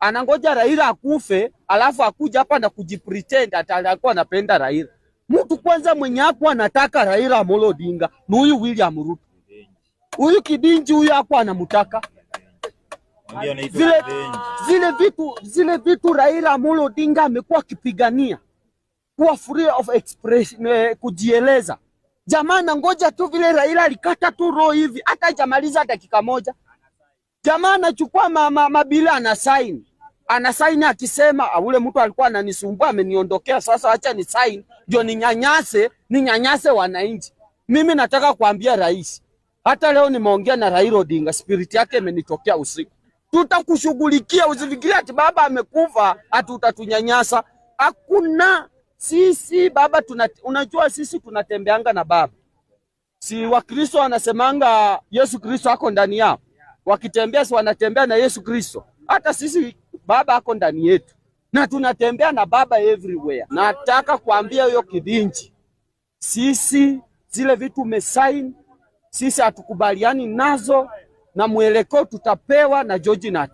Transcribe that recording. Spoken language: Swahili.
anangoja Raila akufe, alafu akuja hapa na kujipretend atakuwa anapenda Raila. Mtu kwanza mwenye hapo anataka Raila Amolo Odinga ni huyu William Ruto, huyu kibinji huyu hapo anamtaka zile, zile vitu zile vitu Raila Amolo Odinga amekuwa akipigania kuwa free of expression, eh, kujieleza. Jamaa anangoja tu vile Raila alikata tu roho hivi, hata hajamaliza dakika moja, jamaa anachukua mabila ma, ma, ana saini anasaini akisema ah, ule mtu alikuwa ananisumbua ameniondokea, sasa acha ni sign ndio ninyanyase, ninyanyase wananchi. Mimi nataka kuambia rais, hata leo nimeongea na Raila Odinga, spirit yake imenitokea usiku, tutakushughulikia. usifikiri ati baba amekufa ati utatunyanyasa, hakuna. Sisi baba tuna, unajua sisi tunatembeanga na baba, si Wakristo wanasemanga Yesu Kristo ako ndani yao wakitembea si wanatembea na Yesu Kristo. Hata sisi baba ako ndani yetu na tunatembea na baba everywhere. Nataka kuambia hiyo kidinji, sisi zile vitu umesign, sisi hatukubaliani nazo, na mwelekeo tutapewa na George na